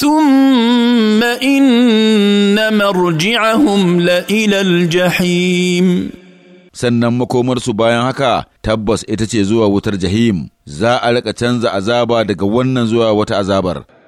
ثم إن مرجعهم لإلى الجحيم sannan makomarsu bayan haka tabbas ita ce zuwa wutar jahim za a rika canza azaba daga wannan zuwa wata azabar